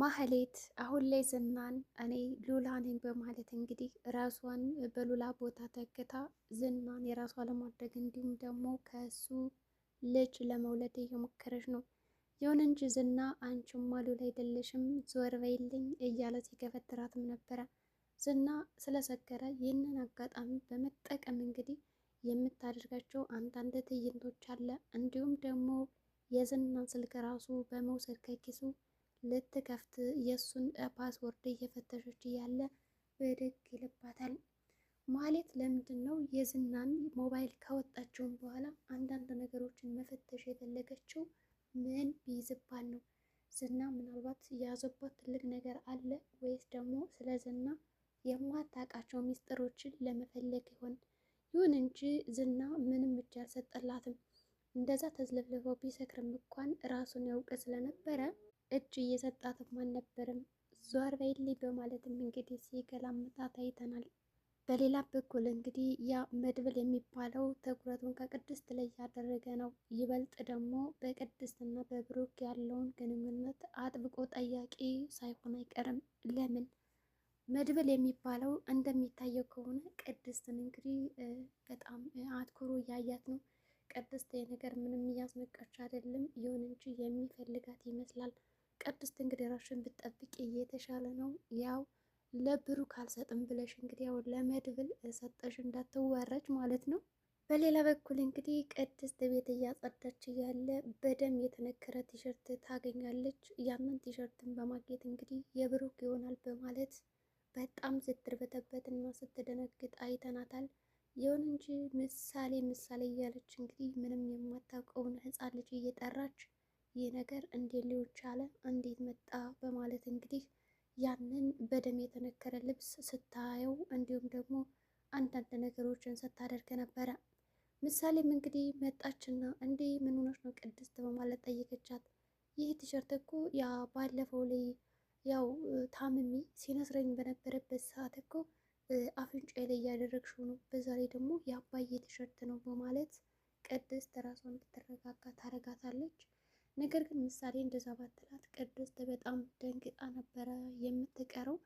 ማህሌት አሁን ላይ ዝናን እኔ ሉላ ነኝ በማለት እንግዲህ ራሷን በሉላ ቦታ ተክታ ዝናን የራሷ ለማድረግ እንዲሁም ደግሞ ከሱ ልጅ ለመውለድ እየሞከረች ነው። ይሁን እንጂ ዝና አንቺማ ሉላ አይደለሽም ዞር በይልኝ እያለ ሲገፈትራትም ነበረ። ዝና ስለሰከረ ይህንን አጋጣሚ በመጠቀም እንግዲህ የምታደርጋቸው አንዳንድ ትዕይንቶች አለ። እንዲሁም ደግሞ የዝናን ስልክ ራሱ በመውሰድ ከኪሱ ልትከፍት የእሱን ፓስወርድ እየፈተሸች እያለ ብድግ ይልባታል። ማለት ለምንድን ነው የዝናን ሞባይል ካወጣችውን በኋላ አንዳንድ ነገሮችን መፈተሽ የፈለገችው? ምን ቢይዝባት ነው? ዝና ምናልባት የያዘባት ትልቅ ነገር አለ ወይስ ደግሞ ስለ ዝና የማታውቃቸው ሚስጥሮችን ለመፈለግ ይሆን? ይሁን እንጂ ዝና ምንም እጅ አልሰጠላትም። እንደዛ ተዝለፍልፈው ቢሰክርም እንኳን ራሱን ያውቅ ስለነበረ እጅ እየሰጣትም አልነበርም። ዙር በይልኝ በማለትም እንግዲህ ምጣት አይተናል። በሌላ በኩል እንግዲህ ያ መድብል የሚባለው ትኩረቱን ከቅድስት ላይ ያደረገ ነው። ይበልጥ ደግሞ በቅድስትና በብሩክ ያለውን ግንኙነት አጥብቆ ጠያቂ ሳይሆን አይቀርም። ለምን መድብል የሚባለው እንደሚታየው ከሆነ ቅድስትን እንግዲህ በጣም አትኩሮ እያያት ነው። ቅድስት ነገር ምንም እያስነቃች አይደለም። ይሁን እንጂ የሚፈልጋት ይመስላል። ቅድስት እንግዲህ ራሽን ብትጠብቂ እየተሻለ ነው። ያው ለብሩክ አልሰጥም ብለሽ እንግዲህ ያው ለመድብል ሰጠሽ እንዳትዋረጅ ማለት ነው። በሌላ በኩል እንግዲህ ቅድስት ቤት እያጸዳች እያለ በደም የተነከረ ቲሸርት ታገኛለች። ያንን ቲሸርትን በማግኘት እንግዲህ የብሩክ ይሆናል በማለት በጣም ስትርበተበት እና ስትደነግጥ አይተናታል። ይሁን እንጂ ምሳሌ ምሳሌ እያለች እንግዲህ ምንም የማታውቀውን ሕፃን ልጅ እየጠራች ይህ ነገር እንዴት ሊሆን ቻለ? እንዴት መጣ? በማለት እንግዲህ ያንን በደም የተነከረ ልብስ ስታየው እንዲሁም ደግሞ አንዳንድ ነገሮችን ስታደርግ ነበረ። ምሳሌም እንግዲህ መጣችና እንዴ ምን ነው ቅድስት በማለት ጠየቀቻት። ይህ ቲሸርት እኮ ያ ባለፈው ላይ ያው ታምሚ ሲነስረኝ በነበረበት ሰዓት እኮ አፍንጫ ላይ እያደረግሽው ነው፣ በዛ ላይ ደግሞ የአባዬ ቲሸርት ነው በማለት ቅድስት ራሷን እንድትረጋጋ ታረጋታለች። ነገር ግን ምሳሌ እንደዛ ባትላት ቅድስት በጣም ደንግጣ ነበረ የምትቀረው።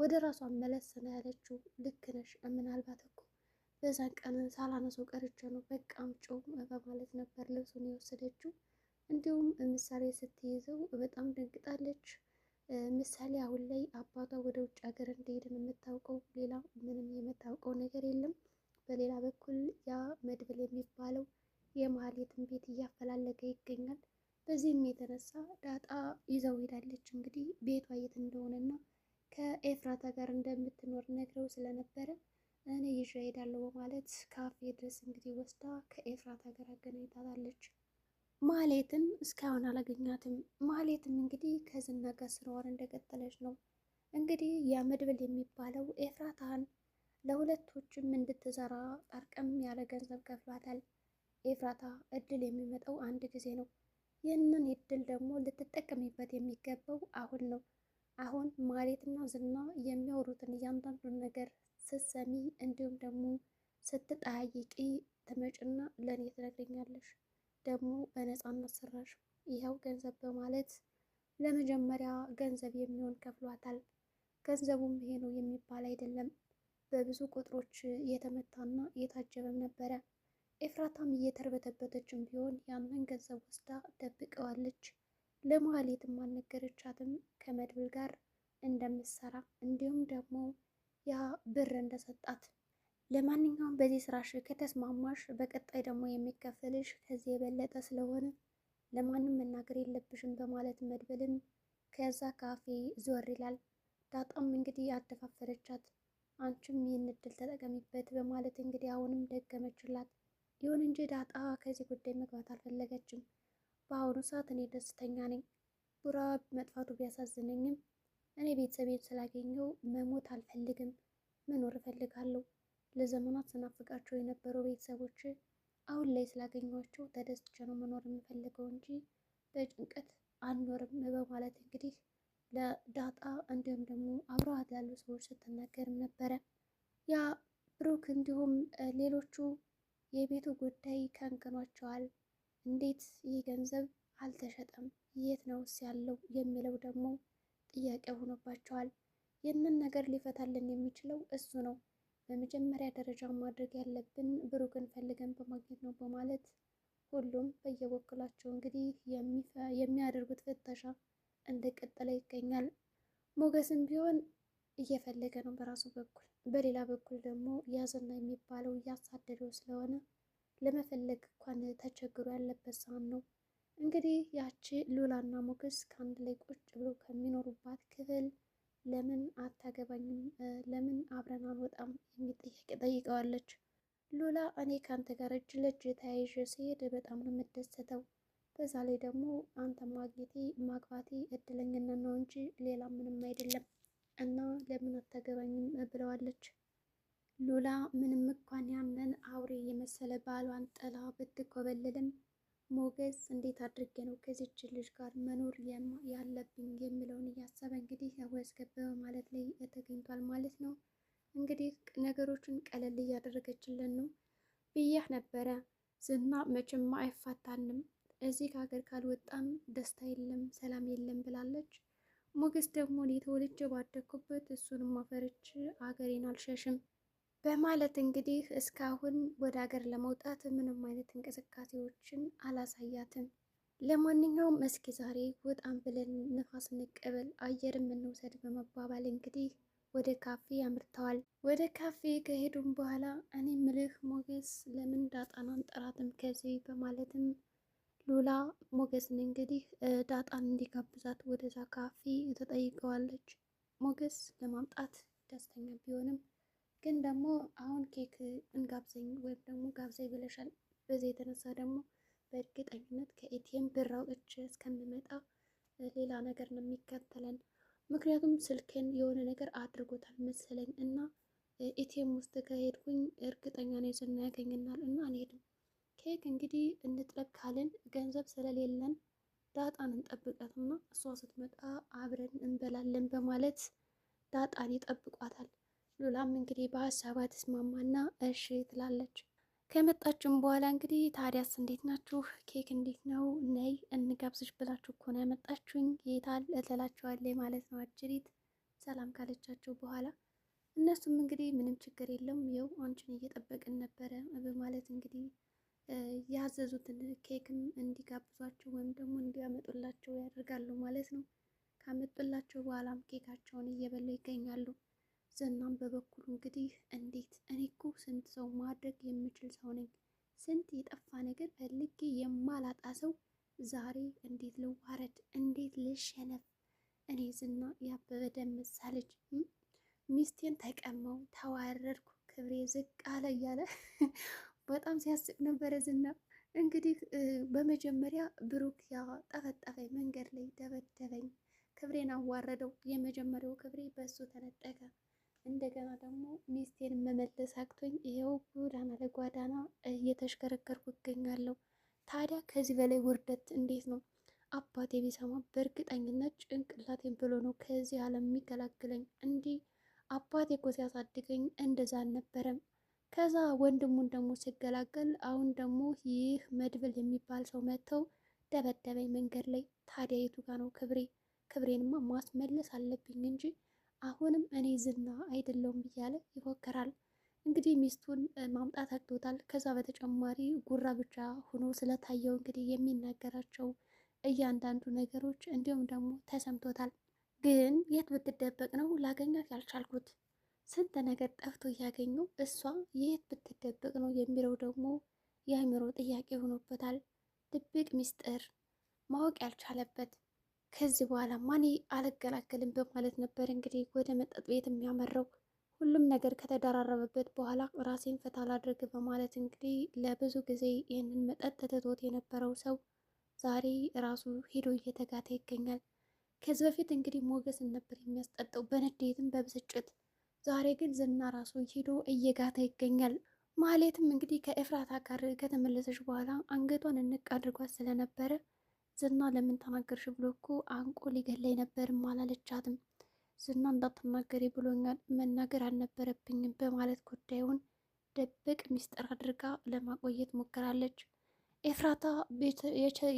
ወደ ራሷ መለስ ነው ያለችው። ልክ ነሽ፣ ምናልባት እኮ በዛን ቀን ሳላነሰው ቀርቼ ነው በቃ አምጪው በማለት ነበር ልብሱን የወሰደችው። እንዲሁም ምሳሌ ስትይዘው በጣም ደንግጣለች። ምሳሌ አሁን ላይ አባቷ ወደ ውጭ ሀገር እንደሄደ ነው የምታውቀው። ሌላ ምንም የምታውቀው ነገር የለም። በሌላ በኩል ያ መድብል የሚባለው የመሀሌትን ቤት እያፈላለገ ይገኛል። በዚህም የተነሳ ዳጣ ይዘው ሄዳለች። እንግዲህ ቤቷ የት እንደሆነና ከኤፍራታ ጋር እንደምትኖር ነግረው ስለነበረ እኔ ይዤ ሄዳለሁ በማለት ካፌ ድረስ እንግዲህ ወስዳ ከኤፍራታ ጋር አገናኝታታለች። ማሌትም እስካሁን አላገኛትም። ማሌትም እንግዲህ ከዝና ጋር ስራዋን እንደቀጠለች ነው። እንግዲህ ያ መድብል የሚባለው ኤፍራታን ለሁለቶችም እንድትሰራ ጠርቀም ያለ ገንዘብ ከፍሏታል። ኤፍራታ እድል የሚመጣው አንድ ጊዜ ነው። ይህንን እድል ደግሞ ልትጠቀሚበት የሚገባው አሁን ነው። አሁን ማሬትና ዝና የሚያወሩትን እያንዳንዱን ነገር ስትሰሚ እንዲሁም ደግሞ ስትጠያይቂ ትመጭና ለእኔ ትነግረኛለሽ። ደግሞ በነፃነት ሰራሽ ይኸው ገንዘብ በማለት ለመጀመሪያ ገንዘብ የሚሆን ከፍሏታል። ገንዘቡም ይሄ ነው የሚባል አይደለም። በብዙ ቁጥሮች የተመታና የታጀበም ነበረ። ኤፍራታም እየተርበተበተችም ቢሆን ያንን ገንዘብ ወስዳ ደብቀዋለች። ለመሀሌትም አልነገረቻትም ከመድብል ጋር እንደምትሰራ እንዲሁም ደግሞ ያ ብር እንደሰጣት። ለማንኛውም በዚህ ስራሽ ከተስማማሽ በቀጣይ ደግሞ የሚከፈልሽ ከዚህ የበለጠ ስለሆነ ለማንም መናገር የለብሽም በማለት መድብልም ከዛ ካፌ ዞር ይላል። ዳጣም እንግዲህ አደፋፈረቻት አንቺም ይህን እድል ተጠቀሚበት በማለት እንግዲህ አሁንም ደገመችላት። ይሁን እንጂ ዳጣ ከዚህ ጉዳይ መግባት አልፈለገችም። በአሁኑ ሰዓት እኔ ደስተኛ ነኝ። ቡራ መጥፋቱ ቢያሳዝነኝም እኔ ቤተሰቤን ስላገኘው መሞት አልፈልግም፣ መኖር እፈልጋለሁ። ለዘመናት ስናፍቃቸው የነበሩ ቤተሰቦች አሁን ላይ ስላገኘኋቸው ተደስቼ ነው መኖር የምፈልገው እንጂ በጭንቀት አንኖርም በማለት እንግዲህ ለዳጣ እንዲሁም ደግሞ አብረዋት ያሉ ሰዎች ስትናገርም ነበረ ያ ብሩክ እንዲሁም ሌሎቹ የቤቱ ጉዳይ ከንቅኗቸዋል። እንዴት ይህ ገንዘብ አልተሸጠም? የት ነውስ ያለው የሚለው ደግሞ ጥያቄ ሆኖባቸዋል። ይህንን ነገር ሊፈታልን የሚችለው እሱ ነው። በመጀመሪያ ደረጃ ማድረግ ያለብን ብሩክን ፈልገን በማግኘት ነው በማለት ሁሉም በየበኩላቸው እንግዲህ የሚያደርጉት ፍተሻ እንደቀጠለ ይገኛል። ሞገስም ቢሆን እየፈለገ ነው በራሱ በኩል። በሌላ በኩል ደግሞ ያዘና የሚባለው እያሳደደው ስለሆነ ለመፈለግ እንኳን ተቸግሮ ያለበት ሰዓት ነው። እንግዲህ ያቺ ሉላና ሞገስ ከአንድ ላይ ቁጭ ብሎ ከሚኖሩባት ክፍል ለምን አታገባኝም? ለምን አብረን አንወጣም? የሚጠይቅ ጠይቀዋለች። ሉላ እኔ ከአንተ ጋር እጅ ለእጅ ተያይዤ በጣም ነው የምደሰተው። በዛ ላይ ደግሞ አንተ ማግኘቴ ማግባቴ እድለኝነት ነው እንጂ ሌላ ምንም አይደለም እና ለምን አታገባኝም ብለዋለች። ሉላ ምንም እንኳን ያንን አውሬ የመሰለ ባሏን ጥላ ብትኮበልልም ሞገስ እንዴት አድርጌ ነው ከዚች ልጅ ጋር መኖር ያለብኝ የሚለውን እያሰበ እንግዲህ ወዝ ማለት በማለት ላይ ተገኝቷል ማለት ነው። እንግዲህ ነገሮችን ቀለል እያደረገችልን ነው ብያህ ነበረ። ዝና መቼም አይፋታንም፣ እዚህ ከሀገር ካልወጣም ደስታ የለም፣ ሰላም የለም ብላለች። ሞገስ ደግሞ እኔ ተወልጄ ባደግኩበት እሱንም አፈርቼ አገሬን አልሸሽም በማለት እንግዲህ እስካሁን ወደ አገር ለመውጣት ምንም አይነት እንቅስቃሴዎችን አላሳያትም። ለማንኛውም እስኪ ዛሬ ወጣም ብለን ንፋስ እንቀበል አየር እንውሰድ በመባባል እንግዲህ ወደ ካፌ አምርተዋል። ወደ ካፌ ከሄዱም በኋላ እኔ ምልህ ሞገስ ለምን ዳጣናን ጠራትም ከዚህ በማለትም ሉላ ሞገስን እንግዲህ ዳጣን እንዲጋብዛት ወደዛ ካፌ ተጠይቀዋለች። ሞገስ ለማምጣት ደስተኛ ቢሆንም ግን ደግሞ አሁን ኬክ እንጋብዘኝ ወይም ደግሞ ጋብዘኝ ብለሻል። በዚህ የተነሳ ደግሞ በእርግጠኝነት ከኤቲኤም ብር አውጥቼ እስከምመጣ ሌላ ነገር ነው የሚከተለን። ምክንያቱም ስልኬን የሆነ ነገር አድርጎታል መሰለኝ እና ኤቲኤም ውስጥ ከሄድኩኝ እርግጠኛ ነኝ ዝና ያገኘናል እና አንሄድም ኬክ እንግዲህ እንጥረግ ካልን ገንዘብ ስለሌለን ዳጣን እንጠብቃትና እሷ ስትመጣ አብረን እንበላለን በማለት ዳጣን ይጠብቋታል። ሉላም እንግዲህ በሀሳቧ ትስማማና እሺ ትላለች። ከመጣችሁም በኋላ እንግዲህ ታዲያስ እንዴት ናችሁ? ኬክ እንዴት ነው? ነይ እንጋብዝሽ ብላችሁ እኮ ነው ያመጣችሁኝ። የታል እላቸዋለሁ ማለት ነው። አጅሪት ሰላም ካለቻቸው በኋላ እነሱም እንግዲህ ምንም ችግር የለም ይኸው አንቺን እየጠበቅን ነበረ በማለት እንግዲህ ያዘዙትን ኬክም እንዲጋብዟቸው ወይም ደግሞ እንዲያመጡላቸው ያደርጋሉ ማለት ነው። ካመጡላቸው በኋላም ኬካቸውን እየበሉ ይገኛሉ። ዝናም በበኩሉ እንግዲህ እንዴት እኔ እኮ ስንት ሰው ማድረግ የምችል ሰው ነኝ፣ ስንት የጠፋ ነገር ፈልጌ የማላጣ ሰው፣ ዛሬ እንዴት ልዋረድ፣ እንዴት ልሸነፍ፣ እኔ ዝና ያበበ ደመሳ ልጅ ሚስቴን ተቀማው፣ ተዋረድኩ፣ ክብሬ ዝቅ አለ እያለ በጣም ሲያስቅ ነበረ ዝና። እንግዲህ በመጀመሪያ ብሩክ ያ ጠፈጠፈኝ፣ መንገድ ላይ ደበደበኝ፣ ክብሬን አዋረደው። የመጀመሪያው ክብሬ በእሱ ተነጠቀ። እንደገና ደግሞ ሚስቴን መመለስ አቅቶኝ ይኸው ጎዳና ለጎዳና እየተሽከረከርኩ እገኛለሁ። ታዲያ ከዚህ በላይ ውርደት እንዴት ነው? አባቴ ቢሰማ በእርግጠኝነት ጭንቅላቴን ብሎ ነው ከዚህ ዓለም የሚገላግለኝ። እንዲህ አባቴ እኮ ሲያሳድገኝ እንደዛ አልነበረም። ከዛ ወንድሙን ደግሞ ሲገላገል አሁን ደግሞ ይህ መድብል የሚባል ሰው መጥተው ደበደበኝ መንገድ ላይ። ታዲያ የቱ ጋ ነው ክብሬ? ክብሬንማ ማስመለስ አለብኝ እንጂ አሁንም እኔ ዝና አይደለውም እያለ ይፎክራል። እንግዲህ ሚስቱን ማምጣት አግዶታል። ከዛ በተጨማሪ ጉራ ብቻ ሆኖ ስለታየው እንግዲህ የሚናገራቸው እያንዳንዱ ነገሮች እንዲሁም ደግሞ ተሰምቶታል። ግን የት ብትደበቅ ነው ላገኛት ያልቻልኩት ስንት ነገር ጠፍቶ እያገኙ እሷ የት ብትደበቅ ነው የሚለው ደግሞ የአእምሮ ጥያቄ ሆኖበታል። ድብቅ ሚስጥር ማወቅ ያልቻለበት ከዚህ በኋላ ማኔ አልገላገልም በማለት ነበር እንግዲህ ወደ መጠጥ ቤት የሚያመራው። ሁሉም ነገር ከተደራረበበት በኋላ ራሴን ፈታ ላድርግ በማለት እንግዲህ ለብዙ ጊዜ ይህንን መጠጥ ትቶት የነበረው ሰው ዛሬ ራሱ ሄዶ እየተጋተ ይገኛል። ከዚህ በፊት እንግዲህ ሞገስን ነበር የሚያስጠጣው በንዴትም በብስጭት ዛሬ ግን ዝና ራሱ ሄዶ እየጋታ ይገኛል። ማህሌትም እንግዲህ ከኤፍራታ ጋር ከተመለሰች በኋላ አንገቷን እንቅ አድርጓት ስለነበረ ዝና ለምን ተናገርሽ ብሎ እኮ አንቆ ሊገላይ ነበርም አላለቻትም። ዝና እንዳትናገሪ ብሎኛል መናገር አልነበረብኝም በማለት ጉዳዩን ደብቅ ሚስጥር አድርጋ ለማቆየት ሞክራለች። ኤፍራታ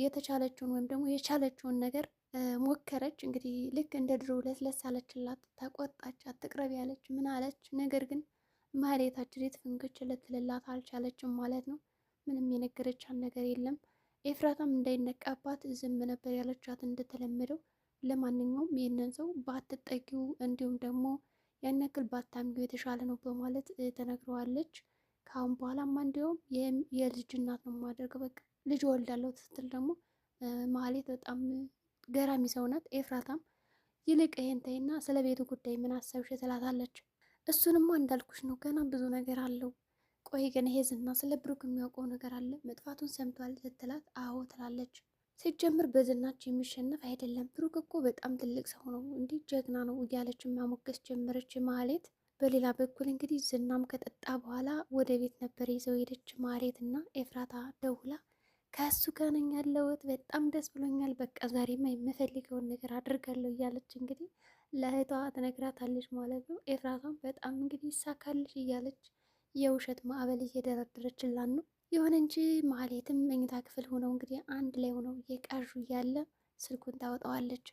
የተቻለችውን ወይም ደግሞ የቻለችውን ነገር ሞከረች። እንግዲህ ልክ እንደ ድሮ ለስለስ አለችላት፣ ተቆጣች፣ አትቅረብ ያለች ምን አለች። ነገር ግን ማህሌታችን አጅሬት ልትልላት አልቻለችም ማለት ነው። ምንም የነገረቻት ነገር የለም። ኤፍራታም እንዳይነቃባት ዝም ነበር ያለቻት እንደተለመደው። ለማንኛውም ይህንን ሰው ባትጠጊው እንዲሁም ደግሞ ያን ያክል ባታምጊው የተሻለ ነው በማለት ተነግረዋለች። ከአሁን በኋላማ እንዲሁም የልጅ እናት ነው የማደርገው በቃ ልጅ ወልዳለሁ ስትል ደግሞ ማህሌት በጣም ገራሚ ሰው ናት። ኤፍራታም ይልቅ ይሄን ተይና ስለ ቤቱ ጉዳይ ምን አሰብሽ ትላታለች። እሱንማ እንዳልኩሽ ነው፣ ገና ብዙ ነገር አለው። ቆይ ግን ይሄ ዝና ስለ ብሩክ የሚያውቀው ነገር አለ? መጥፋቱን ሰምቷል ስትላት አዎ ትላለች። ሲጀምር በዝናች የሚሸነፍ አይደለም ብሩክ እኮ በጣም ትልቅ ሰው ነው፣ እንዲህ ጀግና ነው እያለች ማሞገስ ጀመረች ማሌት። በሌላ በኩል እንግዲህ ዝናም ከጠጣ በኋላ ወደ ቤት ነበር ይዘው ሄደች ማሌት እና ኤፍራታ ደውላ ከእሱ ጋር ነኝ ያለሁት በጣም ደስ ብሎኛል፣ በቃ ዛሬማ የምፈልገውን ነገር አድርጋለሁ እያለች እንግዲህ ለእህቷ ትነግራታለች ማለት ነው። ኤፍራቷን በጣም እንግዲህ ይሳካልሽ እያለች የውሸት ማዕበል እየደረደረችላን ነው። ይሁን እንጂ ማህሌትም መኝታ ክፍል ሆነው እንግዲህ አንድ ላይ ሆነው እየቃዡ እያለ ስልኩን ታወጣዋለች።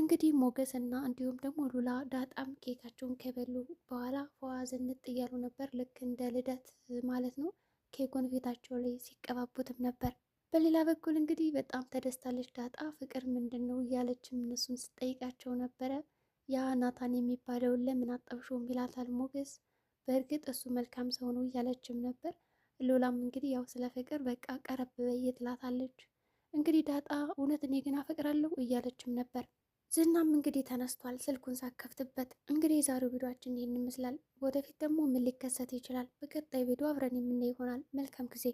እንግዲህ ሞገስ እና እንዲሁም ደግሞ ሉላ ዳጣም ኬካቸውን ከበሉ በኋላ ፈዋዝንጥ እያሉ ነበር። ልክ እንደ ልደት ማለት ነው። ኬኩን ፊታቸው ላይ ሲቀባቡትም ነበር። በሌላ በኩል እንግዲህ በጣም ተደስታለች ዳጣ። ፍቅር ምንድን ነው እያለችም እነሱን ስጠይቃቸው ነበረ። ያ ናታን የሚባለውን ለምን አጠብሾም ይላታል ሞገስ። በእርግጥ እሱ መልካም ሰው ነው እያለችም ነበር። ሎላም እንግዲህ ያው ስለ ፍቅር በቃ ቀረብ በይ ትላታለች። እንግዲህ ዳጣ እውነት እኔ ግን አፈቅራለሁ እያለችም ነበር። ዝናም እንግዲህ ተነስቷል ስልኩን ሳከፍትበት። እንግዲህ የዛሬው ቪዲዮችን ይህን ይመስላል። ወደፊት ደግሞ ምን ሊከሰት ይችላል? በቀጣይ ቪዲዮ አብረን የምናይ ይሆናል። መልካም ጊዜ